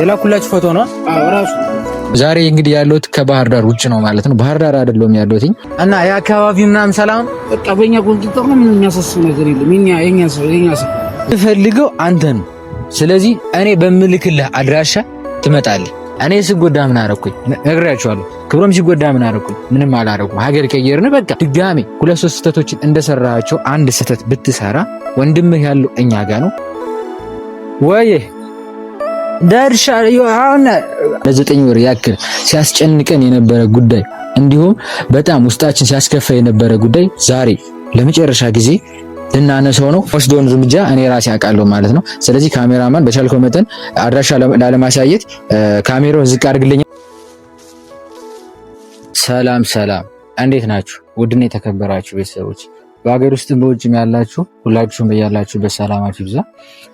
የላኩላችሁ ፎቶ ነው ራሱ። ዛሬ እንግዲህ ያለሁት ከባህር ዳር ውጭ ነው ማለት ነው። ባህር ዳር አይደለሁም ያለሁት እና የአካባቢው ምናምን ሰላም በቃ በእኛ ቆንጥጦ ምን የሚያሳስብ ነገር የለም። የኛ ሰው የኛ ሰው የምፈልገው አንተ ነው። ስለዚህ እኔ በምልክልህ አድራሻ ትመጣለህ። እኔ ስጎዳ ምን አረኩኝ? ነግራችኋለሁ። ክብሮም ሲጎዳ ምን አረኩኝ? ምንም አላደረኩም። ሀገር ቀየርን በቃ። ድጋሜ ሁለት ሶስት ስህተቶችን እንደሰራቸው አንድ ስህተት ብትሰራ ወንድምህ ያለው እኛ ጋ ነው ወይ ደርሻለሁ። አሁን ለዘጠኝ ወር ያክል ሲያስጨንቀን የነበረ ጉዳይ እንዲሁም በጣም ውስጣችን ሲያስከፋ የነበረ ጉዳይ ዛሬ ለመጨረሻ ጊዜ ልናነሰው ነው። ወስዶን እርምጃ እኔ ራሴ አውቃለሁ ማለት ነው። ስለዚህ ካሜራማን በቻልከው መጠን አድራሻ ላለማሳየት ካሜራውን ዝቅ አድርግልኝ። ሰላም ሰላም፣ እንዴት ናችሁ? ውድና የተከበራችሁ ቤተሰቦች በሀገር ውስጥም በውጭም ያላችሁ ሁላችሁም በያላችሁ በሰላማችሁ ይብዛ።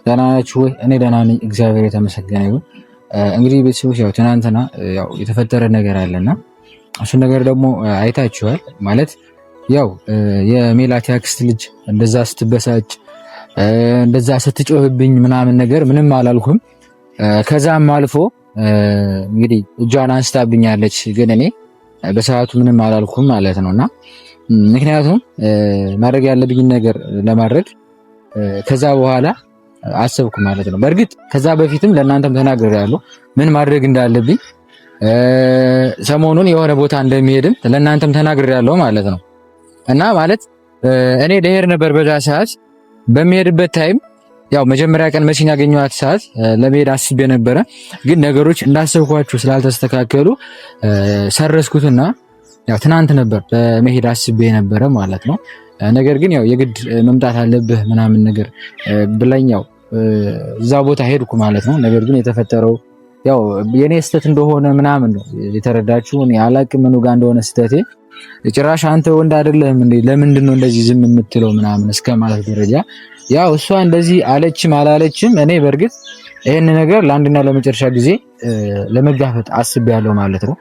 ደህና ናችሁ ወይ? እኔ ደህና ነኝ፣ እግዚአብሔር የተመሰገነ ይሁን። እንግዲህ ቤተሰቦች ያው ትናንትና ያው የተፈጠረ ነገር አለና እሱን ነገር ደግሞ አይታችኋል። ማለት ያው የሜላት ያክስት ልጅ እንደዛ ስትበሳጭ እንደዛ ስትጮህብኝ ምናምን ነገር ምንም አላልኩም። ከዛም አልፎ እንግዲህ እጇን አንስታብኛለች፣ ግን እኔ በሰዓቱ ምንም አላልኩም ማለት ነው እና ምክንያቱም ማድረግ ያለብኝን ነገር ለማድረግ ከዛ በኋላ አሰብኩ ማለት ነው። በእርግጥ ከዛ በፊትም ለእናንተም ያሉ ምን ማድረግ እንዳለብኝ ሰሞኑን የሆነ ቦታ እንደሚሄድም ለእናንተም ተናግር ያለው ማለት ነው። እና ማለት እኔ ደሄር ነበር በዛ ሰዓት በሚሄድበት ታይም ያው መጀመሪያ ቀን መሲን ያገኘኋት ሰዓት ለመሄድ አስቤ ነበረ፣ ግን ነገሮች እንዳሰብኳችሁ ስላልተስተካከሉ ሰረስኩትና ያው ትናንት ነበር በመሄድ አስቤ የነበረ ማለት ነው። ነገር ግን ያው የግድ መምጣት አለብህ ምናምን ነገር ብለኛው እዛ ቦታ ሄድኩ ማለት ነው። ነገር ግን የተፈጠረው ያው የኔ ስህተት እንደሆነ ምናምን ነው የተረዳችሁ። እኔ አላቅም ምኑ ጋር እንደሆነ ስህተቴ። ጭራሽ አንተ ወንድ አይደለህም እንዴ? ለምንድን ነው እንደዚህ ዝም የምትለው ምናምን እስከ ማለት ደረጃ ያው እሷ እንደዚህ አለችም አላለችም፣ እኔ በእርግጥ ይህን ነገር ለአንድና ለመጨረሻ ጊዜ ለመጋፈጥ አስቤያለሁ ማለት ነው።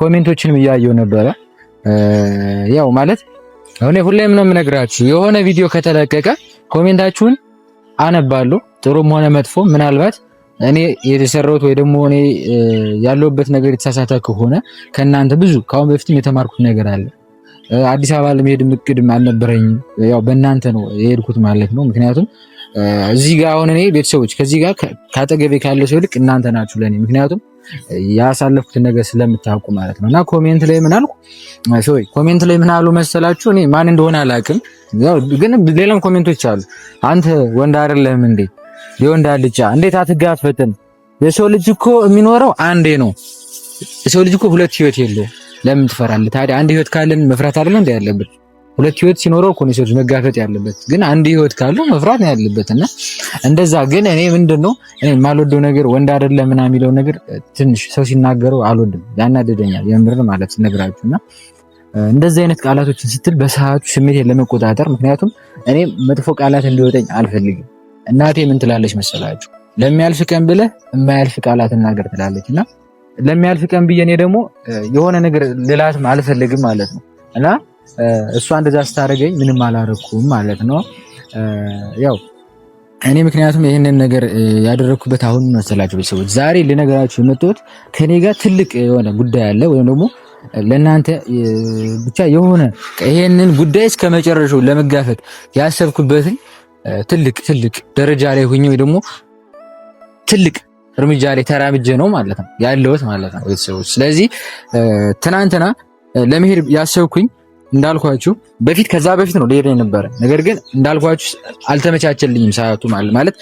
ኮሜንቶችንም እያየው ነበረ ያው ማለት እኔ ሁሌም ነው የምነግራችሁ የሆነ ቪዲዮ ከተለቀቀ ኮሜንታችሁን አነባለሁ። ጥሩም ሆነ መጥፎ ምናልባት እኔ የተሰራሁት ወይ ደግሞ እኔ ያለሁበት ነገር የተሳሳተ ከሆነ ከእናንተ ብዙ ከአሁን በፊትም የተማርኩት ነገር አለ። አዲስ አበባ ለመሄድ እቅድም አልነበረኝም። ያው በእናንተ ነው የሄድኩት ማለት ነው። ምክንያቱም እዚህ ጋር አሁን እኔ ቤተሰቦች ከዚህ ጋር ከአጠገቤ ካለ ሰው ይልቅ እናንተ ናችሁ ለእኔ ምክንያቱም ያሳለፍኩትን ነገር ስለምታውቁ ማለት ነው። እና ኮሜንት ላይ ምን አልኩ? ሶሪ ኮሜንት ላይ ምን አሉ መሰላችሁ? እኔ ማን እንደሆነ አላውቅም፣ ግን ሌላም ኮሜንቶች አሉ። አንተ ወንድ አይደለህም እንዴ? የወንድ አልጫ እንዴት አትጋፈጥም? የሰው ልጅ እኮ የሚኖረው አንዴ ነው። የሰው ልጅ እኮ ሁለት ህይወት የለውም። ለምን ትፈራለህ ታዲያ? አንድ ህይወት ካለን መፍራት አይደለም እንዴ ያለብን? ሁለት ህይወት ሲኖረው እኮ ነው ሰው መጋፈጥ ያለበት፣ ግን አንድ ህይወት ካለው መፍራት ነው ያለበት። እና እንደዛ ግን እኔ ምንድነው እኔ የማልወደው ነገር ወንድ አይደለ ምናምን የሚለው ነገር ትንሽ ሰው ሲናገረው አልወድም፣ ያናደደኛል የምር ማለት ነግራችሁ እና እንደዚህ አይነት ቃላቶችን ስትል በሰዓቱ ስሜት ለመቆጣጠር ምክንያቱም እኔ መጥፎ ቃላት እንዲወጠኝ አልፈልግም። እናቴ ምን ትላለች መሰላችሁ? ለሚያልፍ ቀን ብለህ የማያልፍ ቃላት እናገር ትላለች። እና ለሚያልፍ ቀን ብዬ እኔ ደግሞ የሆነ ነገር ልላትም አልፈልግም ማለት ነው እና እሷ እንደዛ ስታደርገኝ ምንም አላረኩም ማለት ነው። ያው እኔ ምክንያቱም ይህንን ነገር ያደረግኩበት አሁን መሰላቸው ቤተሰቦች፣ ዛሬ ልነገራችሁ የመጣሁት ከኔ ጋር ትልቅ የሆነ ጉዳይ አለ ወይም ደግሞ ለእናንተ ብቻ የሆነ ይሄንን ጉዳይ እስከ መጨረሻው ለመጋፈጥ ያሰብኩበትን ትልቅ ትልቅ ደረጃ ላይ ሆኜ ወይ ደግሞ ትልቅ እርምጃ ላይ ተራምጄ ነው ማለት ነው ያለሁት ማለት ነው ቤተሰቦች። ስለዚህ ትናንትና ለመሄድ ያሰብኩኝ እንዳልኳችሁ በፊት ከዛ በፊት ነው ልሄድ ነበረ። ነገር ግን እንዳልኳችሁ አልተመቻቸልኝም ሰዓቱ ማለት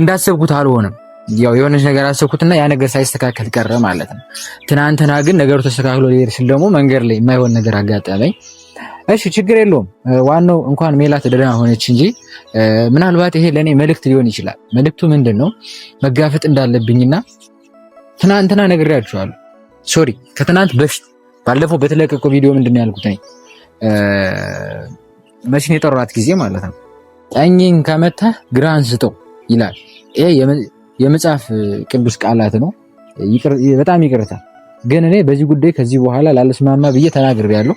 እንዳሰብኩት አልሆነም። ያው የሆነች ነገር አሰብኩትና ያ ነገር ሳይስተካከል ቀረ ማለት ነው። ትናንትና ግን ነገሩ ተስተካክሎ ልሄድ ስል ደግሞ መንገድ ላይ የማይሆን ነገር አጋጠመኝ። እሺ ችግር የለውም። ዋናው እንኳን ሜላት ደህና ሆነች እንጂ ምናልባት ይሄ ለእኔ መልእክት ሊሆን ይችላል። መልእክቱ ምንድን ነው? መጋፈጥ እንዳለብኝና ትናንትና ነግሬያችኋለሁ። ሶሪ ከትናንት በፊት ባለፈው በተለቀቀው ቪዲዮ ምንድን ነው ያልኩት እኔ መችን የጠራት ጊዜ ማለት ነው። ቀኝን ከመታ ግራህን ስጠው ይላል። ይሄ የመጽሐፍ ቅዱስ ቃላት ነው። በጣም ይቅርታ ግን እኔ በዚህ ጉዳይ ከዚህ በኋላ ላለስማማ ብዬ ተናግሬያለሁ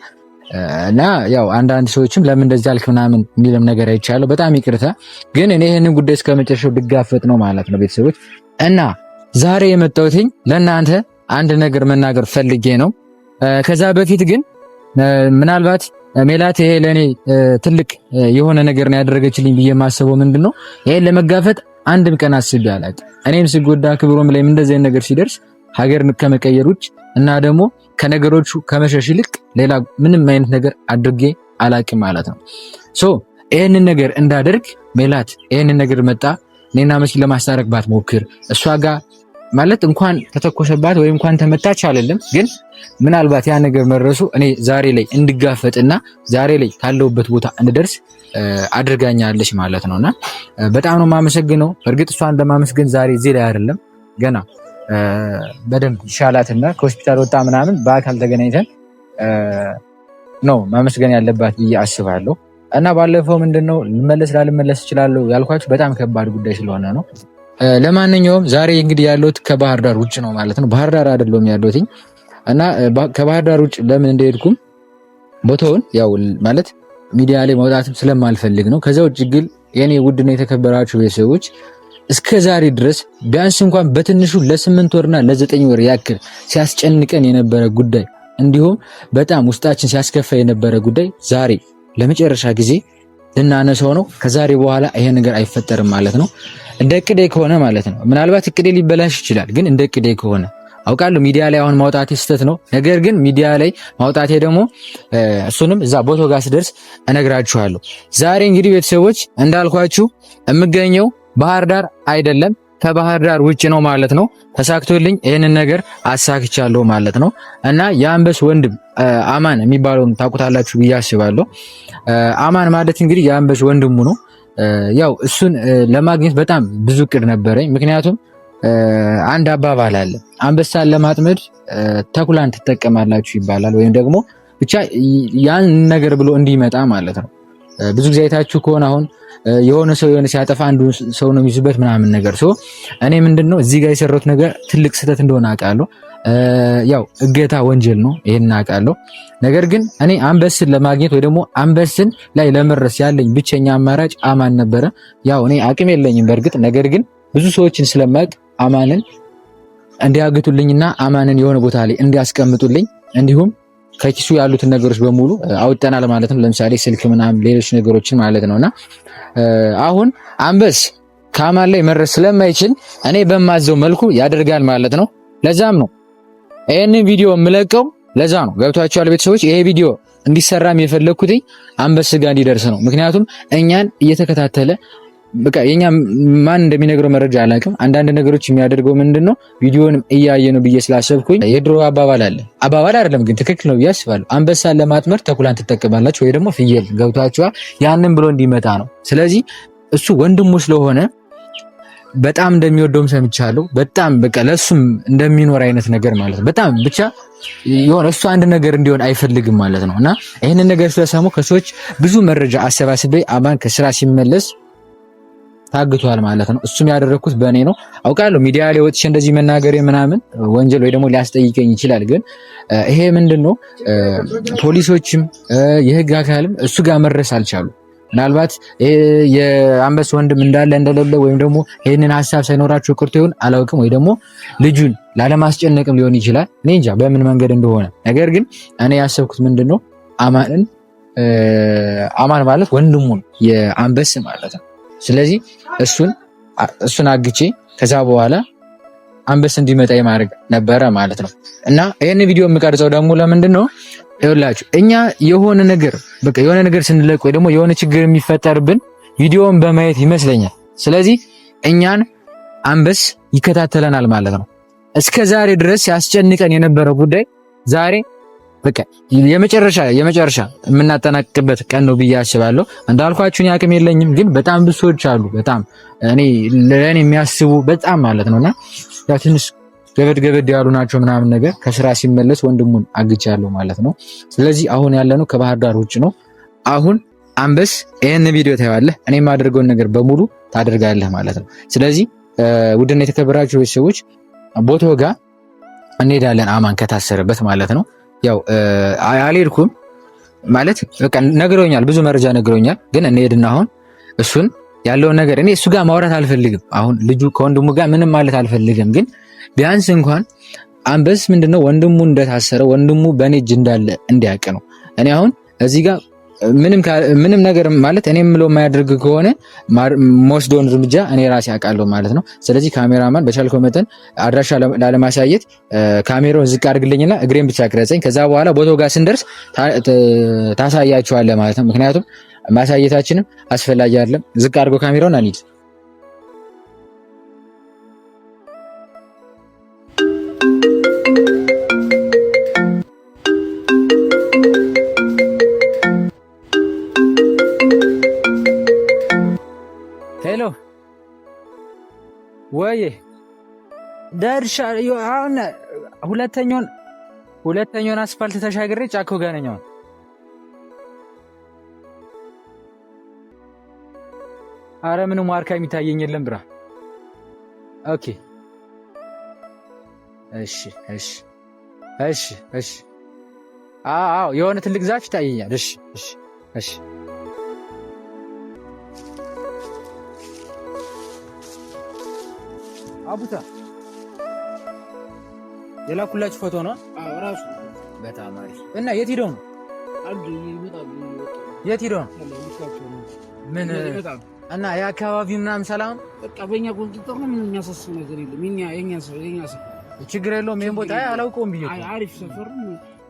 እና ያው አንዳንድ ሰዎችም ለምን እንደዚህ አልክ ምናምን የሚልም ነገር አይቻለሁ። በጣም ይቅርታ ግን እኔ ይህንን ጉዳይ እስከ መጨረሻው ነው ማለት ነው ቤተሰቦች እና ዛሬ የመጣሁትኝ ለእናንተ አንድ ነገር መናገር ፈልጌ ነው። ከዛ በፊት ግን ምናልባት ሜላት ይሄ ለእኔ ትልቅ የሆነ ነገር ነው ያደረገችልኝ ብዬ የማስበው ምንድን ነው ይሄን ለመጋፈጥ አንድም ቀን አስቤ አላውቅም። እኔም ስጎዳ ክብሮም ላይም እንደዚህ አይነት ነገር ሲደርስ ሀገር ከመቀየር እና ደግሞ ከነገሮቹ ከመሸሽ ይልቅ ሌላ ምንም አይነት ነገር አድርጌ አላውቅም ማለት ነው። ሶ ይህንን ነገር እንዳደርግ ሜላት ይህንን ነገር መጣ እኔና መስ ለማስታረቅ ባትሞክር እሷ ጋር ማለት እንኳን ተተኮሰባት ወይም እንኳን ተመታች አለልም ግን ምናልባት ያ ነገር መድረሱ እኔ ዛሬ ላይ እንድጋፈጥና ዛሬ ላይ ካለውበት ቦታ እንድደርስ አድርጋኛለች ማለት ነውና በጣም ነው የማመሰግነው። እርግጥ እሷን ለማመስገን ዛሬ እዚህ ላይ አይደለም ገና በደንብ ይሻላትና ከሆስፒታል ወጣ ምናምን በአካል ተገናኝተን ነው ማመስገን ያለባት ብዬ አስባለሁ። እና ባለፈው ምንድን ነው ልመለስ ላልመለስ እችላለሁ ያልኳችሁ በጣም ከባድ ጉዳይ ስለሆነ ነው። ለማንኛውም ዛሬ እንግዲህ ያለሁት ከባህር ዳር ውጭ ነው ማለት ነው። ባህር ዳር አይደለሁም ያለሁትኝ እና ከባህር ዳር ውጭ ለምን እንደሄድኩም ቦታውን ያው ማለት ሚዲያ ላይ መውጣትም ስለማልፈልግ ነው። ከዛ ውጭ ግን የኔ ውድና የተከበራችሁ ቤተሰቦች እስከ ዛሬ ድረስ ቢያንስ እንኳን በትንሹ ለስምንት ወርና ለዘጠኝ ወር ያክል ሲያስጨንቀን የነበረ ጉዳይ እንዲሁም በጣም ውስጣችን ሲያስከፋ የነበረ ጉዳይ ዛሬ ለመጨረሻ ጊዜ ልናነሳው ነው። ከዛሬ በኋላ ይሄ ነገር አይፈጠርም ማለት ነው። እንደ እቅዴ ከሆነ ማለት ነው። ምናልባት እቅዴ ሊበላሽ ይችላል፣ ግን እንደ እቅዴ ከሆነ አውቃለሁ ሚዲያ ላይ አሁን ማውጣቴ ስህተት ነው። ነገር ግን ሚዲያ ላይ ማውጣቴ ደግሞ እሱንም እዛ ቦታው ጋር ስደርስ እነግራችኋለሁ። ዛሬ እንግዲህ ቤተሰቦች እንዳልኳችሁ የምገኘው ባህር ዳር አይደለም ከባህር ዳር ውጭ ነው ማለት ነው። ተሳክቶልኝ ይህንን ነገር አሳክቻለሁ ማለት ነው እና የአንበስ ወንድም አማን የሚባለውን ታውቁታላችሁ ብዬ አስባለሁ። አማን ማለት እንግዲህ የአንበስ ወንድሙ ነው። ያው እሱን ለማግኘት በጣም ብዙ እቅድ ነበረኝ ምክንያቱም አንድ አባባል አለ። አንበሳን ለማጥመድ ተኩላን ትጠቀማላችሁ ይባላል። ወይም ደግሞ ብቻ ያን ነገር ብሎ እንዲመጣ ማለት ነው። ብዙ ጊዜ አይታችሁ ከሆነ አሁን የሆነ ሰው የሆነ ሲያጠፋ አንዱ ሰው ነው የሚይዙበት ምናምን ነገር ሶ እኔ ምንድን ነው እዚህ ጋር የሰራሁት ነገር ትልቅ ስህተት እንደሆነ አውቃለሁ። ያው እገታ ወንጀል ነው፣ ይህን አውቃለሁ። ነገር ግን እኔ አንበስን ለማግኘት ወይ ደግሞ አንበስን ላይ ለመድረስ ያለኝ ብቸኛ አማራጭ አማን ነበረ። ያው እኔ አቅም የለኝም በእርግጥ ነገር ግን ብዙ ሰዎችን ስለማቅ አማንን እንዲያግቱልኝና አማንን የሆነ ቦታ ላይ እንዲያስቀምጡልኝ እንዲሁም ከኪሱ ያሉትን ነገሮች በሙሉ አውጠናል ማለት ነው። ለምሳሌ ስልክ ምናምን ሌሎች ነገሮችን ማለት ነው። እና አሁን አንበስ ከአማን ላይ መድረስ ስለማይችል እኔ በማዘው መልኩ ያደርጋል ማለት ነው። ለዛም ነው ይህንን ቪዲዮ የምለቀው። ለዛ ነው ገብቷቸዋል ቤተሰቦች። ይሄ ቪዲዮ እንዲሰራም የፈለግኩትኝ አንበስ ጋር እንዲደርስ ነው። ምክንያቱም እኛን እየተከታተለ በቃ የኛ ማን እንደሚነግረው መረጃ አላውቅም። አንዳንድ ነገሮች የሚያደርገው ምንድን ነው ቪዲዮንም እያየ ነው ብዬ ስላሰብኩኝ የድሮ አባባል አለ አባባል አይደለም ግን ትክክል ነው ብዬ አስባለሁ። አንበሳን ለማጥመር ተኩላን ትጠቀማላችሁ ወይ ደግሞ ፍየል ገብታችኋል። ያንን ብሎ እንዲመጣ ነው። ስለዚህ እሱ ወንድሙ ስለሆነ በጣም እንደሚወደውም ሰምቻለሁ። በጣም በቃ ለእሱም እንደሚኖር አይነት ነገር ማለት ነው። በጣም ብቻ የሆነ እሱ አንድ ነገር እንዲሆን አይፈልግም ማለት ነው እና ይህንን ነገር ስለሰሙ ከሰዎች ብዙ መረጃ አሰባስቤ አማን ከስራ ሲመለስ ታግቷል ማለት ነው። እሱም ያደረግኩት በእኔ ነው አውቃለሁ። ሚዲያ ላይ ወጥቼ እንደዚህ መናገር ምናምን ወንጀል ወይ ደግሞ ሊያስጠይቀኝ ይችላል። ግን ይሄ ምንድን ነው ፖሊሶችም የህግ አካልም እሱ ጋር መድረስ አልቻሉ። ምናልባት የአንበስ ወንድም እንዳለ እንደሌለ ወይም ደግሞ ይህንን ሀሳብ ሳይኖራቸው ቅርቶ ይሆን አላውቅም። ወይ ደግሞ ልጁን ላለማስጨነቅም ሊሆን ይችላል። እኔ እንጃ በምን መንገድ እንደሆነ። ነገር ግን እኔ ያሰብኩት ምንድን ነው አማንን አማን ማለት ወንድሙን የአንበስ ማለት ነው ስለዚህ እሱን እሱን አግቼ ከዛ በኋላ አንበስ እንዲመጣ የማድረግ ነበረ ማለት ነው። እና ይህን ቪዲዮ የምቀርጸው ደግሞ ለምንድን ነው ይኸውላችሁ፣ እኛ የሆነ ነገር በቃ የሆነ ነገር ስንለቅ ወይ ደግሞ የሆነ ችግር የሚፈጠርብን ቪዲዮውን በማየት ይመስለኛል። ስለዚህ እኛን አንበስ ይከታተለናል ማለት ነው። እስከ ዛሬ ድረስ ያስጨንቀን የነበረው ጉዳይ ዛሬ በቃ የመጨረሻ የመጨረሻ የምናጠናቅበት ቀን ነው ብዬ አስባለሁ። እንዳልኳችሁን አቅም የለኝም፣ ግን በጣም ብዙ ሰዎች አሉ በጣም እኔ ለእኔ የሚያስቡ በጣም ማለት ነውና እና ትንሽ ገበድ ገበድ ያሉ ናቸው ምናምን ነገር ከስራ ሲመለስ ወንድሙን አግቻለሁ ማለት ነው። ስለዚህ አሁን ያለነው ከባህር ዳር ውጭ ነው። አሁን አንበስ ይህን ቪዲዮ ታየዋለህ፣ እኔ የማደርገውን ነገር በሙሉ ታደርጋለህ ማለት ነው። ስለዚህ ውድና የተከበራችሁ ቤተሰቦች ቦታው ጋር እንሄዳለን፣ አማን ከታሰረበት ማለት ነው። ያው አልሄድኩም ማለት በቃ ነግረውኛል፣ ብዙ መረጃ ነግረውኛል። ግን እንሄድና አሁን እሱን ያለውን ነገር እኔ እሱ ጋር ማውራት አልፈልግም። አሁን ልጁ ከወንድሙ ጋር ምንም ማለት አልፈልግም። ግን ቢያንስ እንኳን አንበስ ምንድነው ወንድሙ እንደታሰረ ወንድሙ በእኔ እጅ እንዳለ እንዲያውቅ ነው። እኔ አሁን እዚህ ጋር ምንም ነገር ማለት እኔ የምለው የማያደርግ ከሆነ መወስደውን እርምጃ እኔ ራሴ አውቃለሁ ማለት ነው። ስለዚህ ካሜራማን በቻልከው መጠን አድራሻ ላለማሳየት ካሜራውን ዝቅ አድርግልኝና እግሬን ብቻ ቅረጸኝ። ከዛ በኋላ ቦታው ጋር ስንደርስ ታሳያችኋለ ማለት ነው። ምክንያቱም ማሳየታችንም አስፈላጊ አይደለም። ዝቅ አድርጎ ካሜራውን አንሂድ። ደርሻ አሁን ሁለተኛውን ሁለተኛውን አስፋልት ተሻግሬ ጫካው ጋር ነኝ አሁን። አረ ምንም ዋርካ የሚታየኝ የለም ብራ። ኦኬ እሺ፣ እሺ፣ እሺ፣ እሺ። አዎ የሆነ ትልቅ ዛፍ ይታየኛል። እሺ፣ እሺ፣ እሺ። አቡታ የላኩላችሁ ፎቶ ነው ራሱ። በጣም አሪፍ እና የት ሄደው ነው? የት ሄደው ነው? ምን እና የአካባቢ ምናምን ሰላም በቃ በእኛ ቁንጥጥ ነው። ምን የሚያሳስብ ነገር የለም። የኛ የኛ ሰው የኛ ሰው ችግር የለውም። ይሄን ቦታ አላውቀውም ብዬ አሪፍ ሰፈር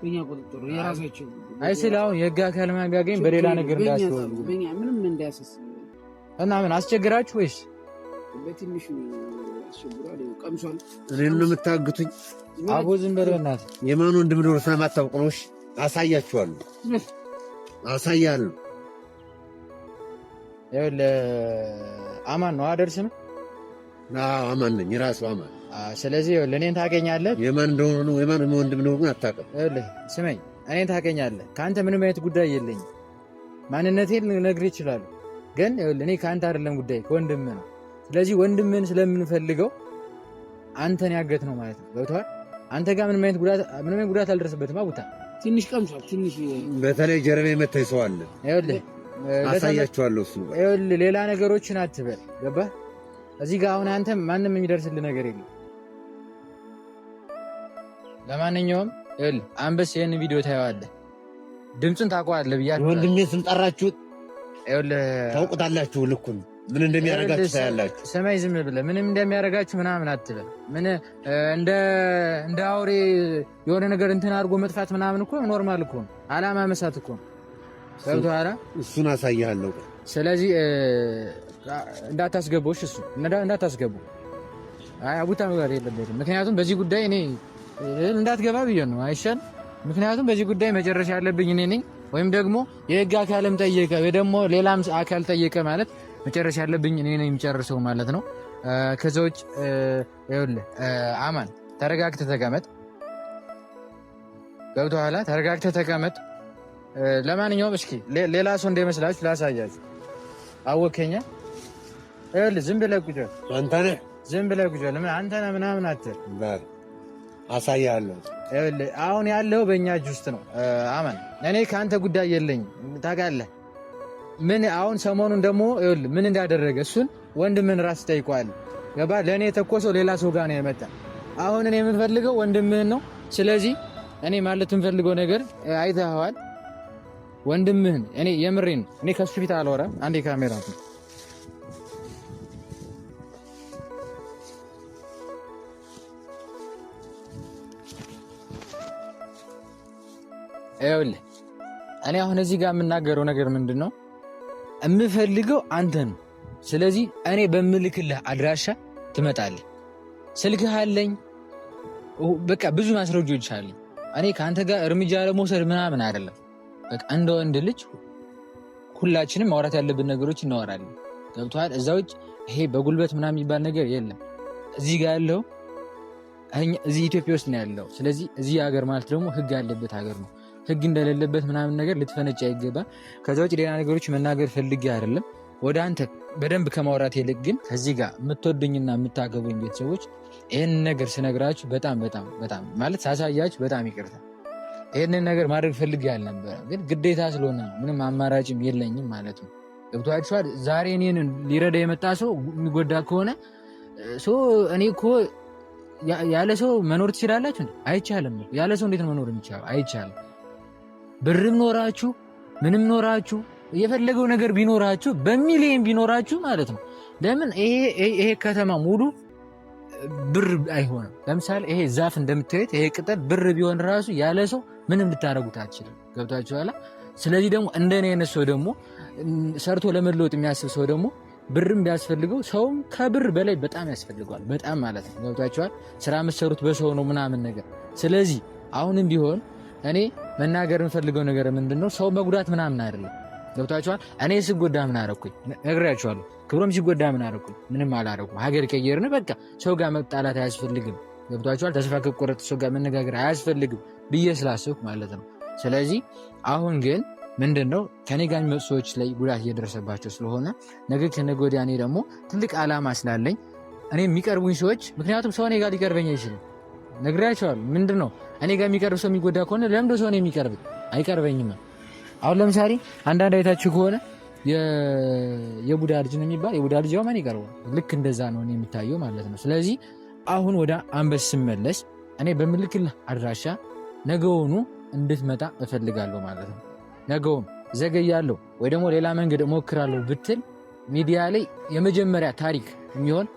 በእኛ ቁጥጥር የራሳቸው አይ ስለ አሁን የህግ አካል ምናምን ቢያገኝ በሌላ ነገር እንዳያስተዋሉ ምንም እንዳያሳስብ እና ምን አስቸግራችሁ ወይስ በትንሹ እኔን ነው የምታግቱኝ? አቦ ዝም በለው እናት። የማን ወንድም እንደሆነ ስለማታውቅ ነው። እሺ አሳያችኋለሁ፣ አሳያለሁ። ይኸውልህ አማን ነው አደርስ ነው አማን ነኝ ራሱ አማን። ስለዚህ ይኸውልህ እኔን ታገኛለህ። የማን እንደሆነ ነው የማን ወንድም እንደሆነ ግን አታውቅም። ይኸውልህ ስመኝ፣ እኔን ታገኛለህ። ከአንተ ምንም አይነት ጉዳይ የለኝም። ማንነቴን ልነግርህ ይችላሉ፣ ግን ይኸውልህ እኔ ከአንተ አይደለም ጉዳይ ከወንድም ነው ስለዚህ ወንድምን ስለምንፈልገው አንተን ያገት ነው ማለት ነው። ገብቶሃል? አንተ ጋር ምንም አይነት ጉዳት አልደረሰበትም። አቡታ ትንሽ ቀምሷል። ትንሽ በተለይ ጀርቤ መታኝ ሰው አለ። ይኸውልህ አሳያቸዋለሁ። እሱ ይኸውልህ ሌላ ነገሮችን አትበል። ገባህ? እዚህ ጋር አሁን አንተ ማንም የሚደርስልህ ነገር የለም። ለማንኛውም ይኸውልህ አንበስ ይህን ቪዲዮ ታየዋለህ፣ ድምፁን ታውቀዋለህ ብያለሁ። ወንድሜ ስም ጠራችሁት፣ ይኸውልህ ታውቁታላችሁ ልኩን ምን እንደሚያደርጋችሁ ታያላችሁ። ሰማይ ዝም ብለህ ምንም እንደሚያደርጋችሁ ምናምን አትበል። ምን እንደ አውሬ የሆነ ነገር እንትን አድርጎ መጥፋት ምናምን እኮ ኖርማል እኮ ነው። አላማ መሳት እኮ ነው። ገብቶሃል? እሱን አሳይሃለሁ። ስለዚህ እንዳታስገባው፣ እሱ እንዳታስገቡ። አይ አቡታ መግባት የለበትም። ምክንያቱም በዚህ ጉዳይ እኔ እንዳትገባ ብዬ ነው አይሻል። ምክንያቱም በዚህ ጉዳይ መጨረሻ ያለብኝ እኔ ነኝ፣ ወይም ደግሞ የህግ አካልም ጠየቀ ወይ ደግሞ ሌላም አካል ጠየቀ ማለት መጨረስ ያለብኝ እኔ ነው የሚጨርሰው ማለት ነው። ከዛ ውጭ ይኸውልህ አማን ተረጋግተህ ተቀመጥ። ኋላ ተረጋግተህ ተቀመጥ። ለማንኛውም እስኪ ሌላ ሰው እንደመስላችሁ ላሳያችሁ። አወከኛ ይኸውልህ ዝም ብለህ ቁጭ በል አንተ ነህ ዝም ብለህ ቁጭ በል አንተ ነህ ምናምን አትል። አሳያለሁ። አሁን ያለው በእኛ እጅ ውስጥ ነው። አማን እኔ ከአንተ ጉዳይ የለኝም ታውቃለህ ምን አሁን ሰሞኑን ደግሞ ምን እንዳደረገ እሱን ወንድምህን ራስ ጠይቋል። ገባ ለእኔ የተኮሰው ሌላ ሰው ጋር ነው የመጣ። አሁን እኔ የምንፈልገው ወንድምህን ነው። ስለዚህ እኔ ማለት የምፈልገው ነገር አይተኸዋል። ወንድምህን እኔ የምሬን እኔ ከሱ ፊት አልወራም። አንዴ ካሜራ ይኸውልህ እኔ አሁን እዚህ ጋር የምናገረው ነገር ምንድን ነው? የምፈልገው አንተ ነው። ስለዚህ እኔ በምልክልህ አድራሻ ትመጣለህ። ስልክህ አለኝ፣ በቃ ብዙ ማስረጃዎች አለኝ። እኔ ከአንተ ጋር እርምጃ ለመውሰድ ምናምን አይደለም። በቃ እንደ ወንድ ልጅ ሁላችንም ማውራት ያለብን ነገሮች እናወራለን። ገብቶሃል? እዛ ውጭ ይሄ በጉልበት ምናምን የሚባል ነገር የለም። እዚህ ጋር ያለው እዚህ ኢትዮጵያ ውስጥ ነው ያለው። ስለዚህ እዚህ ሀገር ማለት ደግሞ ህግ ያለበት ሀገር ነው። ህግ እንደሌለበት ምናምን ነገር ልትፈነጭ አይገባ። ከዛ ውጭ ሌላ ነገሮች መናገር ፈልጌ አይደለም። ወደ አንተ በደንብ ከማውራት ይልቅ ግን ከዚህ ጋር የምትወዱኝና የምታገቡኝ ቤተሰቦች ይህን ነገር ስነግራችሁ በጣም በጣም በጣም ማለት ሳሳያችሁ በጣም ይቅርታ። ይህንን ነገር ማድረግ ፈልጌ አልነበረ፣ ግን ግዴታ ስለሆነ ምንም አማራጭም የለኝም ማለት ነው። ገብቷችኋል? ዛሬ እኔን ሊረዳ የመጣ ሰው የሚጎዳ ከሆነ እኔ እኮ ያለ ሰው መኖር ትችላላችሁ? አይቻልም። ያለ ሰው እንዴት ነው መኖር የሚቻለው? አይቻልም። ብርም ኖራችሁ ምንም ኖራችሁ የፈለገው ነገር ቢኖራችሁ በሚሊየን ቢኖራችሁ ማለት ነው። ለምን ይሄ ከተማ ሙሉ ብር አይሆንም። ለምሳሌ ይሄ ዛፍ እንደምታዩት ይሄ ቅጠል ብር ቢሆን ራሱ ያለ ሰው ምንም ልታደረጉት አችልም። ኋላ። ስለዚህ ደግሞ እንደኔ አይነት ሰው ደግሞ ሰርቶ ለመለወጥ የሚያስብ ሰው ደግሞ ብርም ቢያስፈልገው ሰውም ከብር በላይ በጣም ያስፈልገዋል። በጣም ማለት ነው። ገብታችኋል? ስራ የምትሰሩት በሰው ነው ምናምን ነገር። ስለዚህ አሁንም ቢሆን እኔ መናገር የምፈልገው ነገር ምንድነው፣ ሰው መጉዳት ምናምን አይደለም። ገብታችኋል። እኔ ስጎዳ ምን አረኩኝ? ነግሬያችኋለሁ። ክብሮም ሲጎዳ ምን አረኩኝ? ምንም አላረኩ ሀገር ቀየርን፣ በቃ ሰው ጋር መጣላት አያስፈልግም። ገብታችኋል። ተስፋ ከቆረጠ ሰው ጋር መነጋገር አያስፈልግም ብዬ ስላስብኩ ማለት ነው። ስለዚህ አሁን ግን ምንድን ነው ከኔ ጋር የሚመጡ ሰዎች ላይ ጉዳት እየደረሰባቸው ስለሆነ ነገ ከነገ ወዲያ እኔ ደግሞ ትልቅ ዓላማ ስላለኝ እኔ የሚቀርቡኝ ሰዎች ምክንያቱም ሰው እኔ ጋር ሊቀርበኝ አይችልም ነግሬያቸዋለሁ። ምንድን ነው እኔ ጋር የሚቀርብ ሰው የሚጎዳ ከሆነ ለምዶ ሰሆነ የሚቀርብ፣ አይቀርበኝም። አሁን ለምሳሌ አንዳንድ አይታችሁ ከሆነ የቡዳ ልጅ ነው የሚባል የቡዳ ልጅ ማን ይቀርባል? ልክ እንደዛ ነው የሚታየው ማለት ነው። ስለዚህ አሁን ወደ አንበስ ስመለስ እኔ በምልክልህ አድራሻ ነገውኑ እንድትመጣ እፈልጋለሁ ማለት ነው። ነገውም ዘገያለሁ ወይ ደግሞ ሌላ መንገድ እሞክራለሁ ብትል ሚዲያ ላይ የመጀመሪያ ታሪክ የሚሆን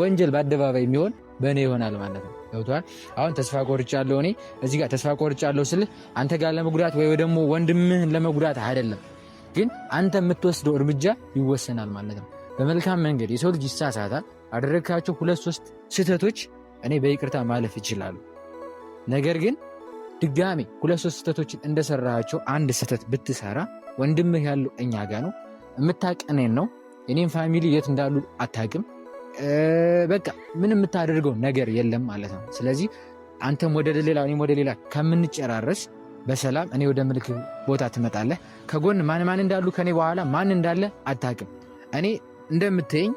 ወንጀል በአደባባይ የሚሆን በእኔ ይሆናል ማለት ነው። ገብቶሃል? አሁን ተስፋ ቆርጫለሁ እኔ እዚህ ጋር ተስፋ ቆርጫለሁ ስልህ አንተ ጋር ለመጉዳት ወይ ደግሞ ወንድምህን ለመጉዳት አይደለም፣ ግን አንተ የምትወስደው እርምጃ ይወሰናል ማለት ነው። በመልካም መንገድ የሰው ልጅ ይሳሳታል። አደረግካቸው ሁለት ሶስት ስህተቶች እኔ በይቅርታ ማለፍ ይችላሉ። ነገር ግን ድጋሜ ሁለት ሶስት ስህተቶችን እንደሰራቸው አንድ ስህተት ብትሰራ ወንድምህ ያለው እኛ ጋር ነው። የምታቀኔን ነው። እኔም ፋሚሊ የት እንዳሉ አታውቅም። በቃ ምን የምታደርገው ነገር የለም ማለት ነው። ስለዚህ አንተም ወደ ሌላ እኔም ወደ ሌላ ከምንጨራረስ በሰላም እኔ ወደ ምልክ ቦታ ትመጣለህ። ከጎን ማን ማን እንዳሉ ከኔ በኋላ ማን እንዳለ አታውቅም። እኔ እንደምትይኝ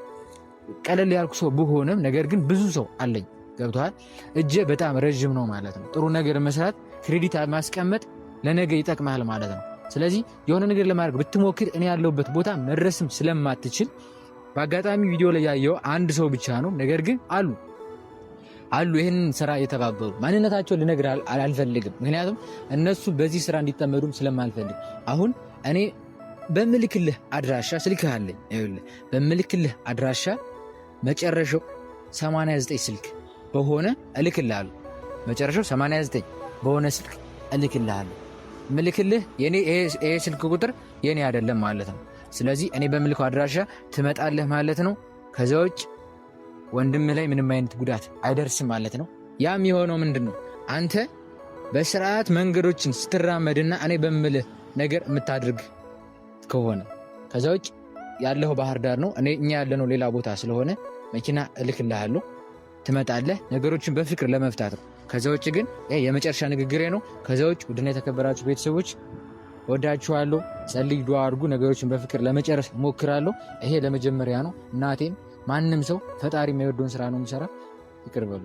ቀለል ያልኩ ሰው ብሆንም ነገር ግን ብዙ ሰው አለኝ። ገብቶሃል? እጄ በጣም ረዥም ነው ማለት ነው። ጥሩ ነገር መስራት፣ ክሬዲት ማስቀመጥ ለነገ ይጠቅማል ማለት ነው። ስለዚህ የሆነ ነገር ለማድረግ ብትሞክር እኔ ያለሁበት ቦታ መድረስም ስለማትችል በአጋጣሚ ቪዲዮ ላይ ያየው አንድ ሰው ብቻ ነው። ነገር ግን አሉ አሉ ይህንን ስራ የተባበሩ ማንነታቸው ልነግር አልፈልግም። ምክንያቱም እነሱ በዚህ ስራ እንዲጠመዱም ስለማልፈልግ አሁን እኔ በምልክልህ አድራሻ ስልክህ አለኝ። በምልክልህ አድራሻ መጨረሻው 89 ስልክ በሆነ እልክልሃለሁ። መጨረሻው 89 በሆነ ስልክ እልክልሃለሁ። ምልክልህ ይሄ ስልክ ቁጥር የኔ አይደለም ማለት ነው። ስለዚህ እኔ በምልከው አድራሻ ትመጣለህ ማለት ነው። ከዚያ ውጭ ወንድምህ ላይ ምንም አይነት ጉዳት አይደርስም ማለት ነው። ያ የሚሆነው ምንድን ነው? አንተ በስርዓት መንገዶችን ስትራመድና እኔ በምልህ ነገር የምታደርግ ከሆነ ከዛ ውጭ ያለሁ ባህር ዳር ነው፣ እኔ እኛ ያለነው ሌላ ቦታ ስለሆነ መኪና እልክልሃለሁ፣ ትመጣለህ። ነገሮችን በፍቅር ለመፍታት ነው። ከዛ ውጭ ግን የመጨረሻ ንግግሬ ነው። ከዛ ውጭ ውድና የተከበራችሁ ቤተሰቦች ወዳችኋለሁ። ጸልይ፣ ዱዓ አድርጉ። ነገሮችን በፍቅር ለመጨረስ ሞክራለሁ። ይሄ ለመጀመሪያ ነው። እናቴም ማንም ሰው ፈጣሪ የሚወደውን ስራ ነው የሚሰራ። ይቅር